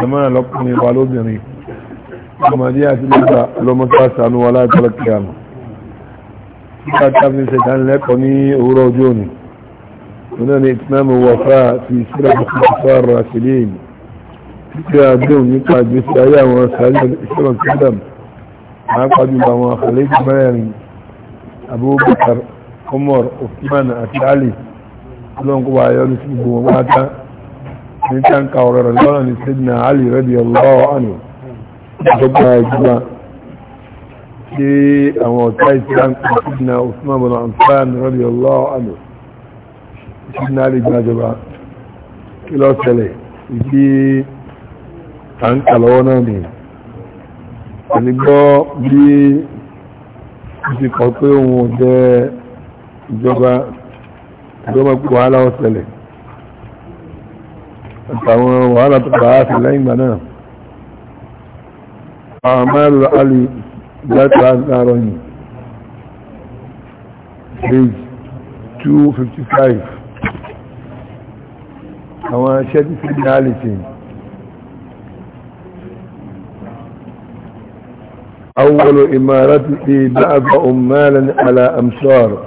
jama'a lọ́kùnrin wa lóbìnrin ọmọdé àti lọ́gbà lọ́mọ́sáàsà ní wọ́n látọ́lọ́ kíyàmù nígbà tàbí ṣẹ̀tàn lẹ́kọ̀ọ́ ní òwúrọ̀ ojú òní wọn ni ìtìmọ́mù wọ̀fà ti sílẹ̀ fún rasilin títí àdéhùn nípa ìgbésí ayé àwọn sàájọ́ ìṣẹ́lọ̀ kíndàm máa pàdé àwọn àkàlẹ́jì gbogbo wọn pátá ní táǹkà ọ̀rọ̀ rẹ̀ lọ́nà ní Sayyidina Ali radiyallahu anhu ìjọba ìjọba tí àwọn ọ̀tá ìtàǹkà Sayyidina Uthman bin Affan radiyallahu anhu Sayyidina Ali gbàjọba kí lọ tẹ̀lẹ̀ ìdí táǹkà lọ́wọ́ náà ni àti gbọ́ bí ó ti kọ̀ pé òun jẹ́ ìjọba ìjọba gbọ́ aláwọ̀ tẹ̀lẹ̀ وانا تبعات الليل منام اعمال علي لا تعذروني بيج 255 وانا شدي في النالتين اول امارتي بعض امالا على امصار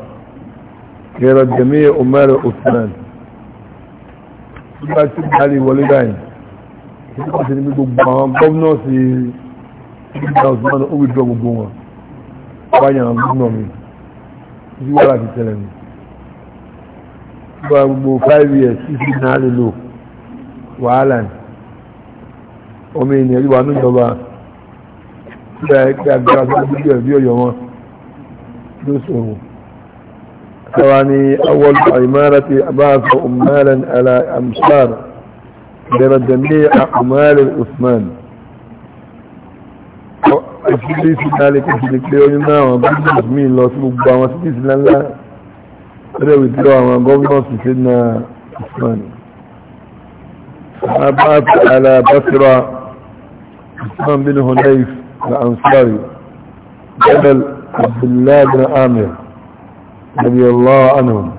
كيرا جميع امال عثمان nígbà tí ìdárí wọlé báyìí nígbà tí ní gbogbo àwọn gómìnà sí ìgbà òsùnmọ́nà ó wìdúrọ̀ gbogbo wọn wáyà àwọn gómìnà mi tí wọ́n láti tẹ̀lẹ̀ mi nígbà gbogbo five years títí náà lè lò wàhálà ní ọmọ ènìyàn yíwa níjọba tí a gbára tó gbogbo ẹ̀ bí ọ̀yọ́ wọn ló sọ̀rọ̀ ثواني أول عمارة أبعث أمالا على أمصار بين جميع أعمال الأثمان أشتري سنالك أشتري لو روي أبعث على بصرة عثمان بن هنيف الأنصاري جبل عبد الله بن عامر رضي الله عنهم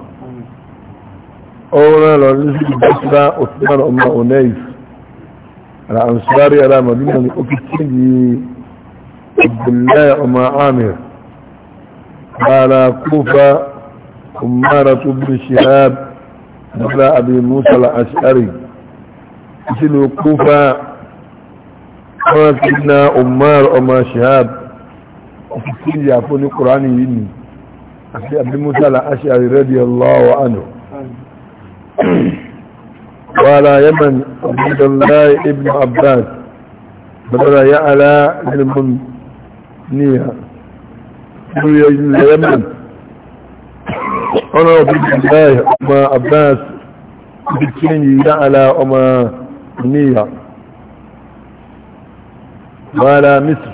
أولا لرزق بسرى عثمان أم أنيس الأنصاري على مدينة لأكتشي عبد الله أم عامر على كوفة أمارة ابن شهاب على أبي موسى الأشعري مثل كوفة قالت لنا أمار أم شهاب أكتشي يعفوني قرآني يني أخي موسى الأشعري رضي الله عنه وعلى يمن عبد الله ابن عباس بدل يعلى المنية كل يجل يمن أنا عبد الله أما عباس بكين يعلى أما منية وعلى مصر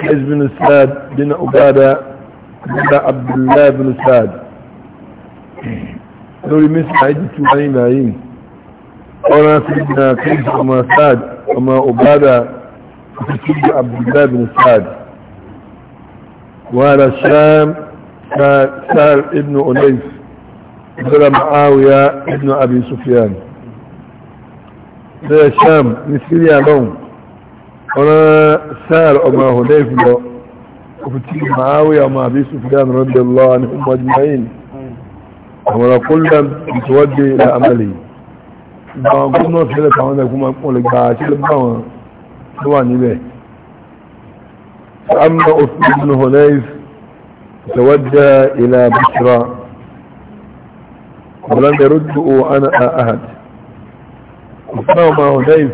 حزب بن سعد بن عباده nígbà abdullahi bin saad lórí mísà ìjìtú wáyé náyìn ọ̀rọ̀ sí na kéjì ọmọ saad ọmọ ọbádà ìfìsíjú abdullahi bin saad wà rà sham sa'ar ibn unais zara ma'awiya ibn abi sufyan zara sham ní syria lọ́n ọ̀rọ̀ sa'ar ọmọ hunayf وفتي معاوية مع أبي سفيان رضي الله عنهم أجمعين ولكلا يتودي إلى أمله ما قلنا في ذلك عندنا كما أقول لك عاشر بما سواني به فأما أثمان بن هنيف توجه إلى بشرى ولم يرده أنا أحد أثمان بن هنيف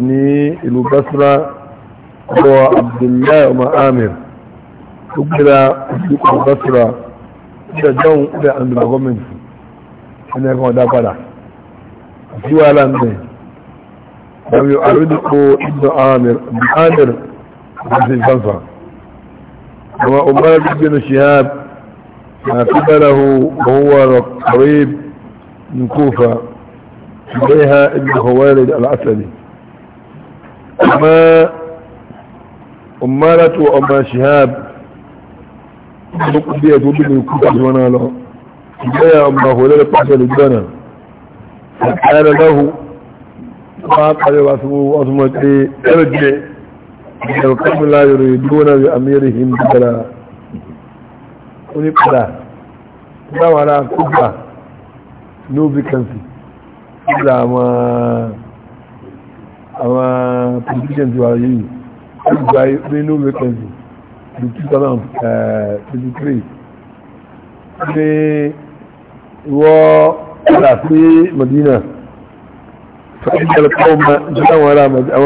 ní ìlú basra هو عبد الله بن امر كبرى يقول البصرة إلى جو إلى عند الغمن أنا يكون ده بلا في ولا عندي لم يعرضه ابن عامر ابن عامر في الفنفة وما أمر بن شهاب ما قبله وهو قريب من كوفة إليها ابن خوالد الأسدي ما أمارة وأما شهاب نقول بيها تقول لي كنت أجوانا له يا أما هلالة بعد الجنة فقال له فقال رسول أصمت ارجع إلى القوم لا يريدون بأميرهم بدلا ونبقى لا ولا كبة no vacancy إلا ما أما position to our union gba nínú wẹ́kẹ̀ndì eh, ní 2023 pé wọ́ padà sí Madina fa'idar kọ́ọ̀mà jẹ́ àwọn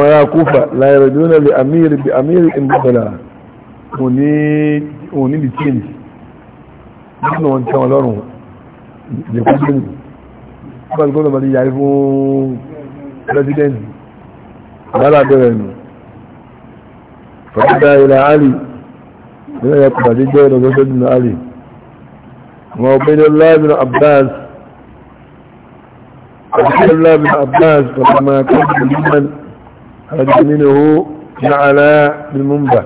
ará kúfà láyẹ̀rẹ̀ jọ́nà lè amírí bí amírí in bọ́bọ̀lá òní di change nínú wọn tẹ́wọ̀n lọ́rùn jẹ́kúnlẹ̀ ní ọgbàlùkọ́lọ̀ bá ti yàrí fún president bára bẹ̀rẹ̀ nù فبدا إلى علي لا يقرأ جيدا من علي وبين الله بن عباس وعبيد الله بن عباس لما كان ممن منه جعل بالمنبه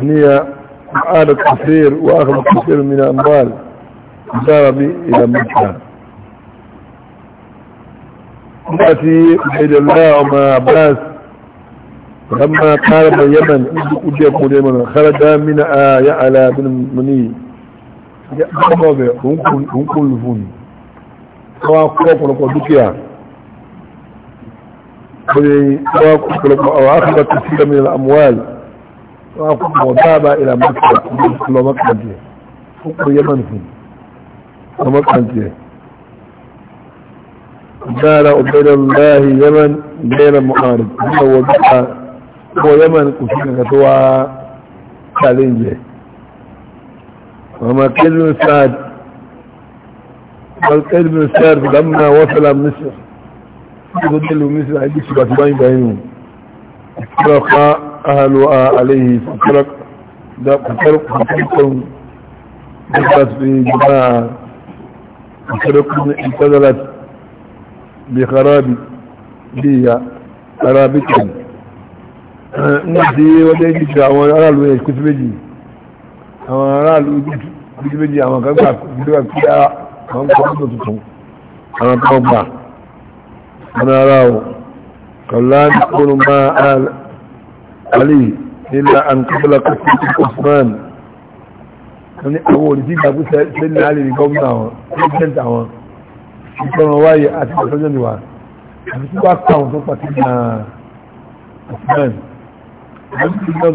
هي عادة كثير وأخذ كثير من الأموال بي إلى مكة يأتي عبد الله وما عباس لما قال من يمن أجيب من يمن خرج من آية على من مني يأخذ هم كل فون سواء قوة لك ودكيا وأخذ كثير من الأموال وذهب إلى مكة إلى مكة فوق يمن فون ومكة قال عبيد الله يمن غير معارض هو ọkọ̀ yemen kò sí kankan tó wá challenge ẹ̀ ọmọ kẹ́lùmí sáàd kẹ́lùmí sáàd lámúnà wọ́sọ̀lá mísìr tó dẹ̀lú mísìr àìdí ṣùgbà tó báyìí báyìí ìtìlọ́kọ́ ahàlù àlẹ́yìí fàtàrùkùn دخلت في جماعة انتظرت بخراب بيها خرابتهم nígbà tí wọ́n dé ní ti àwọn aráàlú yẹn kú sí méjì àwọn aráàlú kú sí méjì àwọn kan gbà gbígbà kí àwọn kan tó tuntun àwọn kan gbà wọn ara o kọlá ní kúrò máa alì nílà àǹkọ́bọ̀lá kọ́kọ́ Osman ní àwọn òdìdí ìgbàgbé sẹ́ni alì ní gọ́ọ̀mù àwọn pẹ́sẹ́ntì àwọn ìtọ́nà wáyé àti ìtọ́jọ́ níwà àti tí wàá kàwọn tó pàtó náà Osman kúrò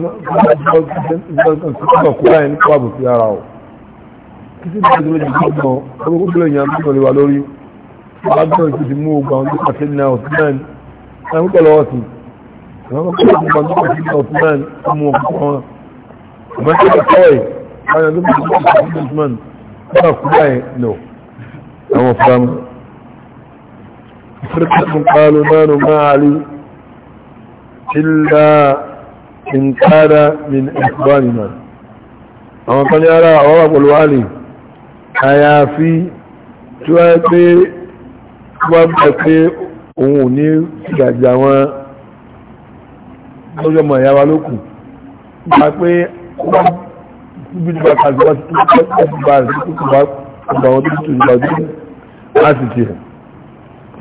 ní pàbù sí ara ọ̀ kí sí ìdájọ́ lójú gbọ́gbọ́ ọmọ kúrò èèyàn mọ́ lè wà lórí ọgbọ́n ìsì ti mú ogun àwọn nípa tí ní ọ̀tún náà ń pẹ̀lú ọ̀sìn àwọn kúrò ní pàbù nípa tí ní ọ̀tún náà ń mú ọkọ̀ wọn àmọ́ tí ó kọ́ ẹ̀ àwọn ọdún pàbù nípa tí ní ọ̀tún náà wà kúrò ẹ̀ lọ àwọn fúlàmù فرقة قالوا ما نمالي إلا in kara min ikbanina àwọn kan ní ara àwọn àpòlúwàlì àyàfi tí wọ́n pé wọ́n bẹ̀ pé òun ò ní ìgbàjà wọn lọ́jọ́ mọ̀ ìyáwa lókù nípa pé wọ́n bí nípa kàzí wọ́n ti tó pẹ́ sí bá rẹ̀ tó bá ọgbà wọn tó tó ìgbà tó láti tiẹ̀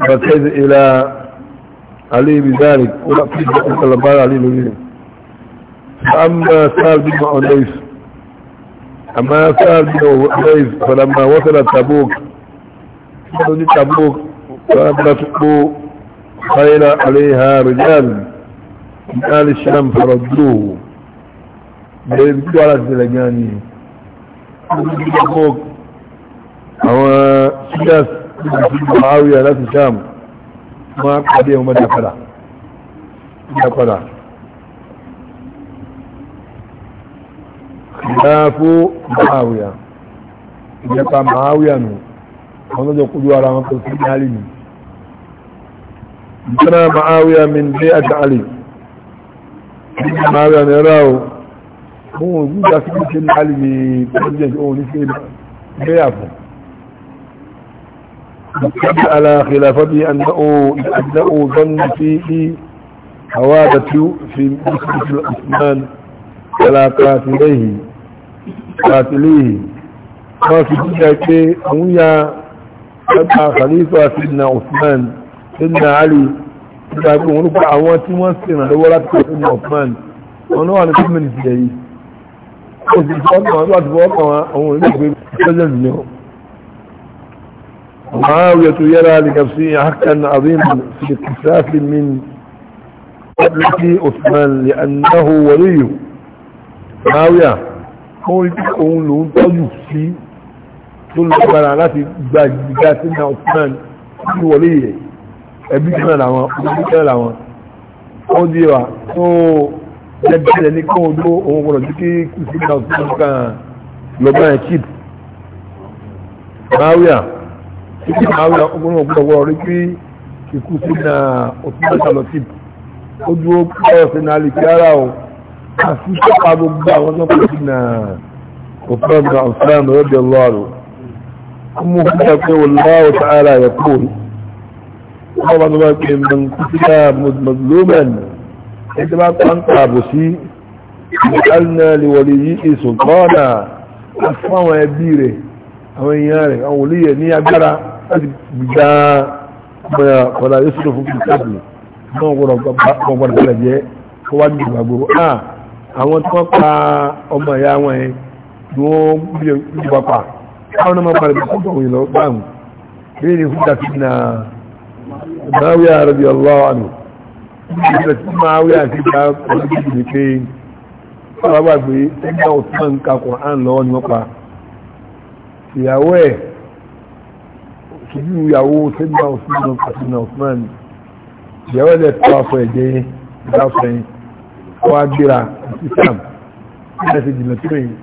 bàtẹ́ ìlà alẹ́ ibi dáàrí kó lápẹ́ ìjọba àlẹ́ lórí rẹ̀ أما سعد بن أنيس أما سعد بن أنيس فلما وصل تبوك وصل تبوك فأبلته خيل عليها رجال من آل الشام فردوه بيبدو على الزلجاني تبوك هو سياس بن معاوية لا تشام ما قد يوم دخله دخله ìdáfó máàwíà ìjẹpa máàwíà nù àwọn tó jọ kúrò ara wọn kò sí ní alì nù ìjọba máàwíà mi ń dé àti alì ìjọba máàwíà ní ẹ̀rọ àwọn ohun ìgbúgbà sí ṣe ní alì ní president ohun ní ṣe bẹ́yà fún ìjọba aláàkìlà fọ́bí àdáwò zọ́nù sí àwádàtú fi mùsùlùmí على قاتليه قاتليه قاتليه كي أمويا أبقى خليفة سيدنا عثمان سيدنا علي سيدنا أبو ونقع عواتي وانسينا لولا سيدنا عثمان ونوع نتمنى الزيائي معاوية يرى لنفسه حقا عظيما في اقتصاف من قبلة عثمان لأنه وليه معاوية òun ló ń tọ́jú sí tó lágbára láti gba ìgbà sí náà Osman tí wọlé yẹ ẹbí kan làwọn ọdún kan làwọn ó di wa tó jẹjẹrẹ ní kó odó òun gbọdọ̀ tí kí kù sí náà Osman kan lọ́gbọ́n ẹ̀ chip maria títí maria ọgbọ́n ọgbọ́n ọgbọ́n rí pé ikú sí náà Osman kan lọ chip ó dúró pẹ́ ọ̀sẹ̀ náà lè kí ara o àti sọ́pàá gbogbo àwọn tó kò sí náà òfin ọ̀gbà ọ̀sán rọ́dẹ̀ lọ́rọ̀ kuma kuma pé wallahu ta'ala ya kúrò wọ́n bá tó bá pè mọ̀ kúsílá mazluman ẹgbẹ́ bá pán kààbò sí ìgbàlná lè wọlé yìí sultana àti fún àwọn ẹbí rẹ̀ àwọn èèyàn rẹ̀ àwọn olóyè ní agbára láti gbìgbà mọ̀yà kọ̀lá yóò sọ̀rọ̀ fún kìtàbì náà gbọ́dọ̀ gbọ́dọ̀ jẹ́ kó àwọn tí wọ́n pa ọmọ ìyá wọn ẹ̀ ni wọ́n gbé papà káwọn ọmọ pàdé tó bọ̀ òyìnbó báwọn bí ní fún dàtí na Muawiya radiyallahu anhu ìgbà tí Muawiya ti gba pẹ̀lú bí ní pé wọ́n wá gbé ẹgbẹ́ Usman ka Qur'an lọ́wọ́ ni wọ́n pa ìyàwó ẹ̀ ṣojú ìyàwó sẹ́gbà Usman àti Usman ìyàwó ẹ̀ lẹ́tọ́ àfọ ẹ̀jẹ̀ yẹn wá gbéra islam nígbà tí jìnnà tó yìí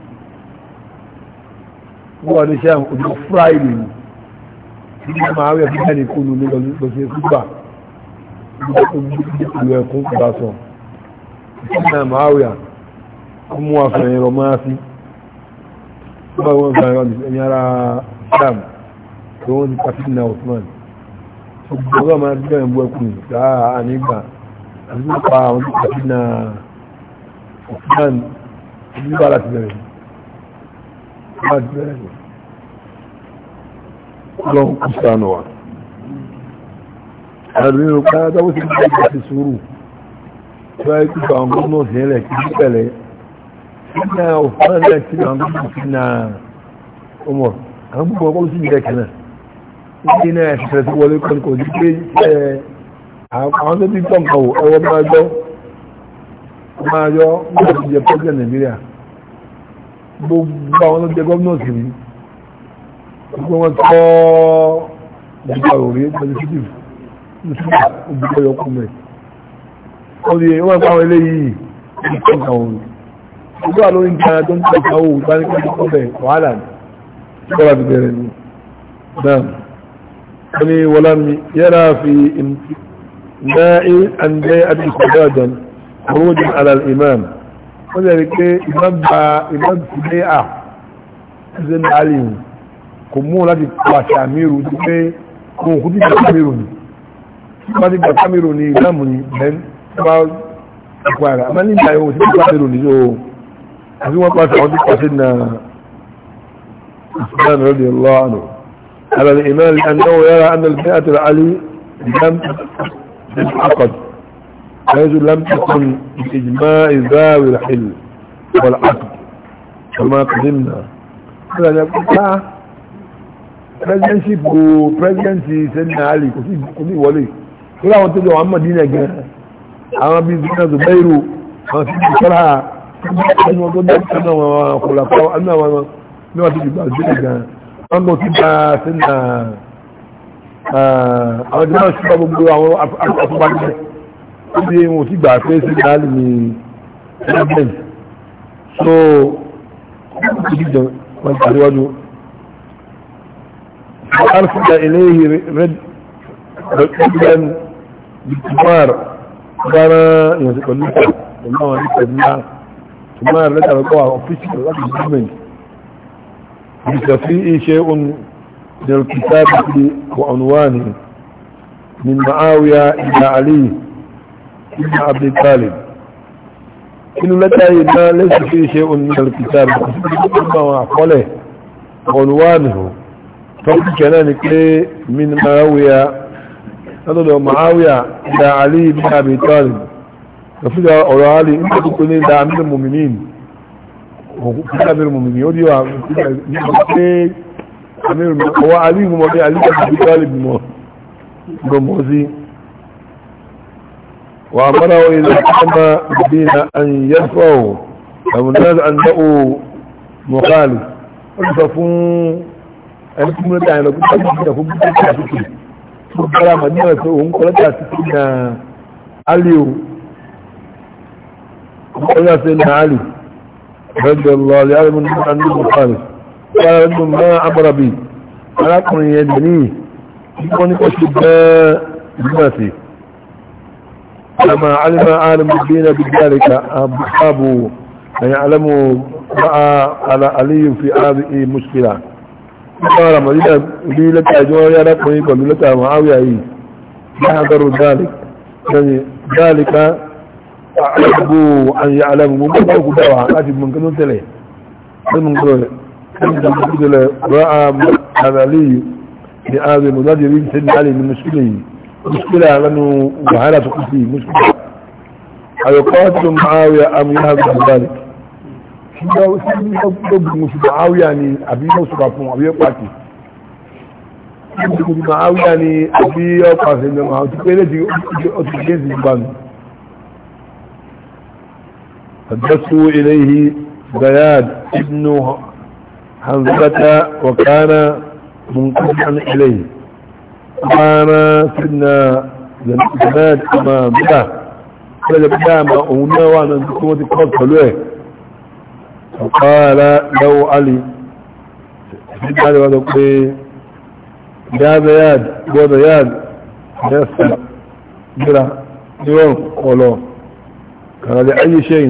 wọ́n wà ní sàm ojú fúráìlì ní nígbà máa wẹ̀ fún jáde kó nu lọ sí kúgbà ìlú ẹ̀kún kúgbà sọ ìsìnà máa wẹ̀ kó mú àfẹ́yìn rọ máa fi wọ́n wọ́n gbà ẹ̀yìn ara islam tó wọ́n ti pàtí ní Osman gbogbo ọgọ́ máa gbẹ̀rẹ̀ bú ẹkùn ìgbà ànígbà àti nípa àwọn pàtí náà ọ̀sán nígbà láti bẹ̀rẹ̀ ní láti bẹ̀rẹ̀ ní ọlọ́run kú sánú wa àrùn ìrò pé adáwó sí ní ọjọ́ ti sùúrù tí wáyé kí àwọn gómìnà sí ẹlẹ̀ kí ní pẹ̀lẹ́ sínú ọ̀sán ẹlẹ̀ kí àwọn gómìnà sí na ọmọ àwọn gbogbo ọkọ̀ sí ìjẹ́ kẹ́nà ní náà ẹ̀sẹ̀ sí wọlé kọ́ni kò ní pé àwọn tó ti tọ́ nǹkan ẹwọ́ bá gbọ́ máa yọ nígbà tó jẹ pẹ́sìdẹ̀ nàìjíríà gbogbo àwọn tó jẹ gómìnà sí rí gbogbo wọn tọ́ ìjọba òrí legislative nígbà òbúkọ yọkù mẹ́ wọ́n di wọ́n pa àwọn eléyìí ní kọ́ńtà òru gbogbo àwọn orin kan tó ń tẹ̀ ká òwú bá ní kọ́ńtà kọ́bẹ̀ wàhálà ní ìjọba ti bẹ̀rẹ̀ ní náà wọ́n ni wọ́lá mi yára fi ìmọ̀ náà ẹ̀ àǹdẹ́ àdìsọ̀dáàdàn خروج على الإمام وذلك إمام إمام سبيعة زين عليهم كمو لا تتوى أميرو تبقى كمو خدي تعميرو ما تبقى تعميرو ني إمامني بين تبقى أكوارا أما لين لا يوم تبقى تعميرو ني جو أبي ما قاس عودي قاسنا عثمان رضي الله عنه على الإمام لأنه يرى أن البيئة العلي لم تنعقد حيث لم تكن بإجماع ذاوي الحل والعقد كما قدمنا هذا يقول لا presidency ko presidency sẹ́nà àlè kò sí wọlé tó láwọn tó jọ àwọn mọ̀dínà gan àwọn bí zina zubairu àwọn sí ìṣọ́ra ẹni wọn tó dẹ́kun náà wọn kò làpá àwọn àwọn náà tó dìgbà zina gan wọn kò sí bá sẹ́nà àwọn tí wọ́n ṣe ah, gbogbo àwọn afọ́bánilẹ̀ ó bí wọn ò sì gbà pé sí dáálì ní problem so wọ́n tàbí wájú أرسل إليه رد رجلا بالكبار قال يسأل الله الله عليك الله ثم رد على القوة أوفيسر رد الجميع ليس فيه شيء من الكتاب وعنوانه من معاوية إلى علي ابن عبد طالب إنه لدى ما ليس فيه شيء من الكتاب ما وعقله عنوانه فقد كان من معاوية هذا معاوية إلى علي بن أبي طالب وفي أولو علي إنت تكون إلى أمير المؤمنين وفي أمير المؤمنين ودي أمير هو علي ومضي علي بن أبي طالب موزي وأمره إذا قام بدينا أن او فمناد أنه مخالف ففون انكم لا تعلمون تجدنا فبقى تجدنا فبقى مدينة هم قلت تجدنا علي سيدنا علي رضي الله لعلم أنه مخالف قال أنه ما أمر بي فلا أكون يدني يكون يقول شباء لما علم عالم الدين بذلك أبو أن يعلموا رأى على علي في هذه مشكلة قال مدينة ليلة أجواريا رقمي قبلة معاوية لا يحضر ذلك يعني ذلك أحبوا أن يعلموا مبارك دواء أجب من كنون تلي من كنون رأى على علي علي في هذه بن سن علي من مشكله مشكلة لأنه وهلا في فيه مشكلة أيقاتل معاوية أم يهب عن ذلك معاوية يعني أبي يوسف عفو أبي يقاتل معاوية يعني أبي يقاتل معاوية تقول لي أتجيز البان فدسوا إليه بياد ابن حنظلة وكان منقطعا إليه rana suna zanen ma buda kuma da buda ma umarwa nan kuma ta kuma kalwe a kwara lau ali shi ta da wata kwe ya zayad gwada yad ya sa jira yiwon kolo kana da ayi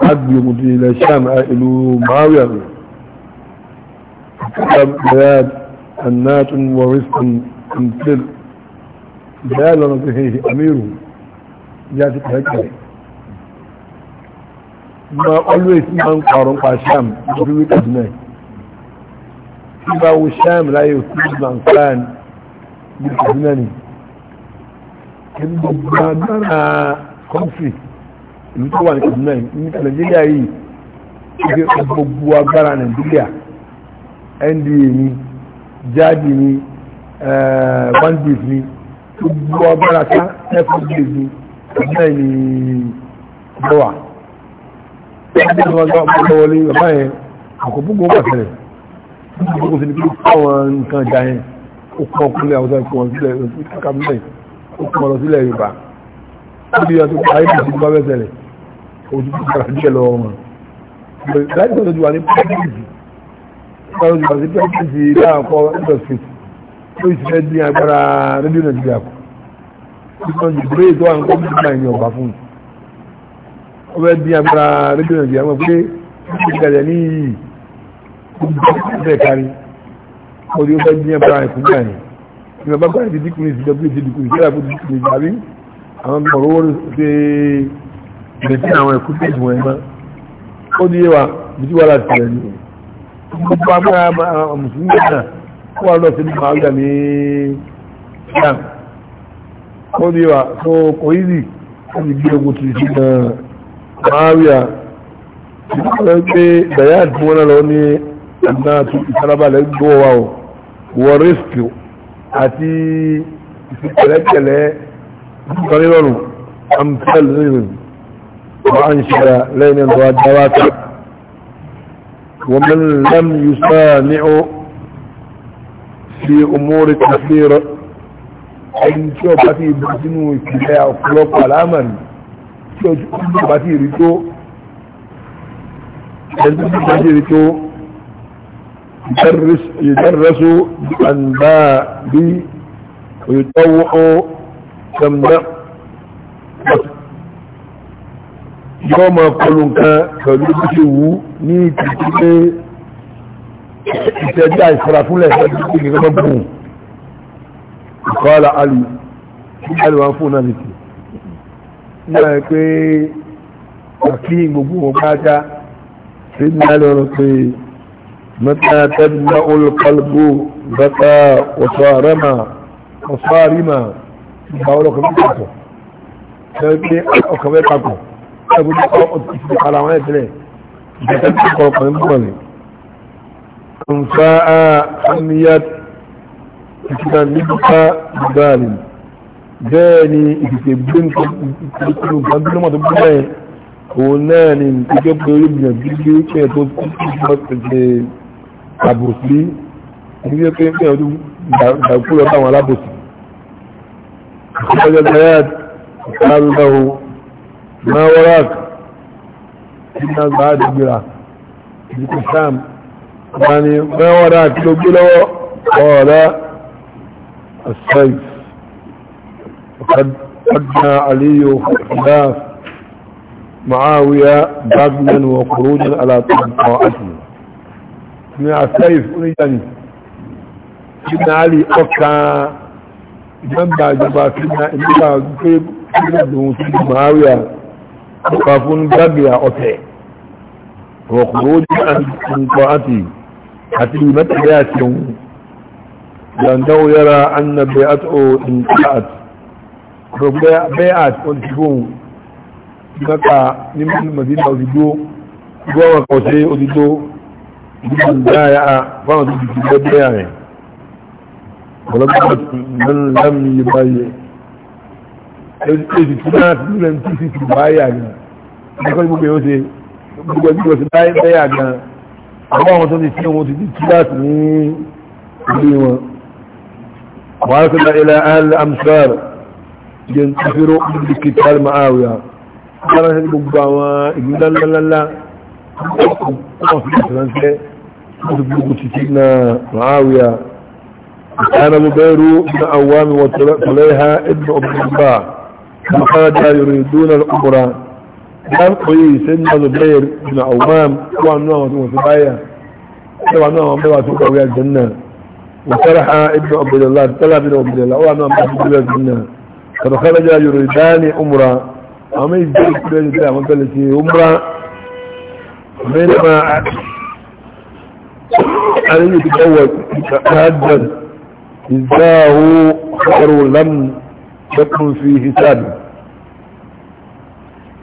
agbe mutu ilẹ̀ sham a ìlú mawiyar bayad annatun warisun amtil bayad lọ́nà tó hehe amiru ya ti kẹ́kẹ́ ma always ma ń kọrọ pa sham ní wíkàtí náà tí bá wo sham láyé fún man khan ní kàdínà ni kí gbogbo agbára conflict ìlú tó wà ní Kaduna ní Nàìjíríà yìí ṣe gbogbo agbára Nàìjíríà NDA ni jáde ni eh, bandit ni gbogbo agbára ká fda ni Kaduna ni lọ́wà lọ́wọ́lé bàbá yẹn àkọ́bùgbò wà tẹ́lẹ̀ gbogbo sí ni kí fáwọn nǹkan ìjà yẹn ó kọ́ ọkùnrin àwọn ọ̀sán ìpọ̀wọ̀n sílẹ̀ ó kọ́ lọ sílẹ̀ Yorùbá ó bí i àti ayé bìí sí bá bẹ́ẹ̀ tẹ́lẹ̀ ojú tó gbàgbà díẹ̀ lọ wọn láti ọjọ́ wà ní pẹ́ẹ́tìsì ọjọ́ wà ní pẹ́ẹ́tìsì láàkọ́ ẹ̀dọ̀ street tó ìsì fẹ́ dín agbára rédíò nàìjíríà kù nípa ìgbéré tó wà ní kọ́ bíbá ẹ̀yìn ọ̀gbà fún un ó fẹ́ dín agbára rédíò nàìjíríà wọn pé ìgbàlẹ̀ ní yìí bẹ́ẹ̀ kárí ó ní ó fẹ́ dín agbára ẹ̀kú gbà ní ìgbà bá gbà ní dídíkùnrin ìsìnkú ìsìnkú ìsìnkú ìsìnkú ìsìnkú ìsìnkú àwọn ọmọ ìgbẹ̀ tí àwọn ẹ̀kú tó ìwọ̀n ẹ̀mọ́ ó ní yíwa bíjú wà láti rẹ̀ ní gbogbo amára mùsùlùmí náà ó wà lọ sí ní màálùdà ní islam ó ní yíwa tó kò ízì láti gbé ogun tó sí náà màálùyà àti wọn lọ ní àná tó o wọ وأنشأ لين الرجوات ومن لم يسامع في أمور كثيرة إن شو باتي بسنو كلاع وفلوك والعمل شو باتي ريتو باتي ريتو يدرس يدرس عن بابي ويطوع تمنع yọ́ ma kọlu nǹkan pẹ̀lú bí ṣe wú ní ìtìtì pé ìtẹ́jú àìsàrà fúnlẹ̀ ìtẹ́jú pé kí wọ́n bùn ìkọ́lá alì alì wọn fún náà nìtì nígbà pé àkí gbogbo wọn pátá sí ní alì wọn pé mẹ́ta tẹ́bí náà olùkọlùgbò bẹ́ta ọ̀sọ́ àrẹ́mà ọ̀sọ́ àrímà ìgbà ọlọ́kọ̀ ẹ̀bùn tó kọ́ ọtí ti ara wọn ẹ̀tẹ́lẹ̀ ìjọba tó kọ́ ọkọ̀ ń bọ̀ ní. nfa a hamiya ìtura nípa ìbáàlì bẹ́ẹ̀ ni ìtìtì gbé nǹkan gbajúmọ̀ tó gbé bẹ́ẹ̀ òun náà ni ìjọba pé orí ìgbìyànjú gbígbé kí ẹ̀ tó ti ṣe àbòsí ìgbìyànjú pé kí ẹ̀ tó dàgbù lọ bá àwọn alábòsí. ìjọba yàtọ̀ قال له ما وراك كنا بعد بلا الكسام يعني ما وراك لو بلا قال السيف وقد قدنا علي خلاف معاوية بغنا وخروجا على طاعته من السيف أريدني سيدنا علي أكا جنب جبا سيدنا إبن الله كيف يبدو معاوية وخافون جابيا أوتي وخروج عن طاعتي حتى متعياتهم لأنه يرى أن بيعته انتهت بيعت والسكون نقع نمت المدينة وزدو جوا قوسي وزدو جدا بايع فرد بيعه ولم من لم يبايع èsì tí náà ti nílẹ̀ tí sì ti báyà gan ẹ̀kọ́ ní gbogbo ẹ̀yọ́ ṣe gbogbo ẹ̀bí lọ sí báyà àwọn àwọn tó ti tí wọn ti tí láti ní ilé wọn àwọn akọ́lá ilẹ̀ alẹ́ amsar jẹ́ tafiro ibi kìtàl ma'áwíyà kára sí gbogbo àwọn ìgbìlá ńláńlá wọ́n fi ìtìránṣẹ́ wọ́n fi gbogbo títí na ma'áwíyà كان مبير بن عوام وطليها ابن عبد الله فقال يريدون الأمر كان قوي سيدنا زبير بن عوام وعن نوم وسبايا وعن نوم وسبايا ويا الجنة وصرح ابن عبد الله تلا بن عبد الله وعن نوم وسبايا الجنة فخرج يريدان أمرا أما يجب أن يكون أمرا بينما عليه تجوز تهدد إذا هو خبر لم شك في حسابه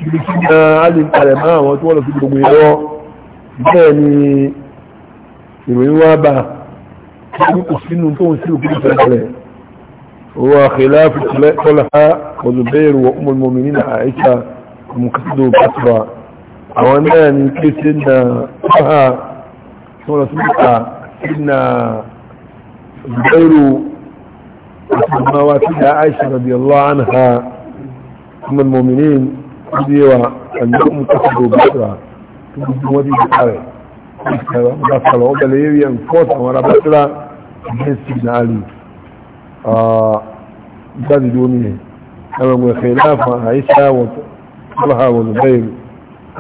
كنا علم علماء وطول في الجمهور يعني كل يقسم تو سيو كده هو خلاف طلحة وزبير وأم المؤمنين عائشة ومكتد بصرة وأنان كسنا طه سورة سبحة سنا زبير ومواتيد عائشة رضي الله عنها ثم المؤمنين ديوا أنهم تفضوا بسرعة تبدو ودي بحرة بس العودة ليوي أنفوت ورا بسرعة جهاز سيدنا علي آه، جاد دونيه أمام خلافة عائشة وطلها وزبير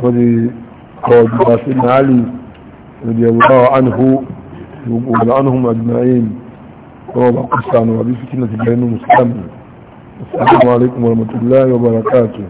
ودي قول سيدنا علي رضي الله عنه وعنهم أجمعين وما قصة عن وبي فتنة بين المسلمين السلام عليكم ورحمة الله وبركاته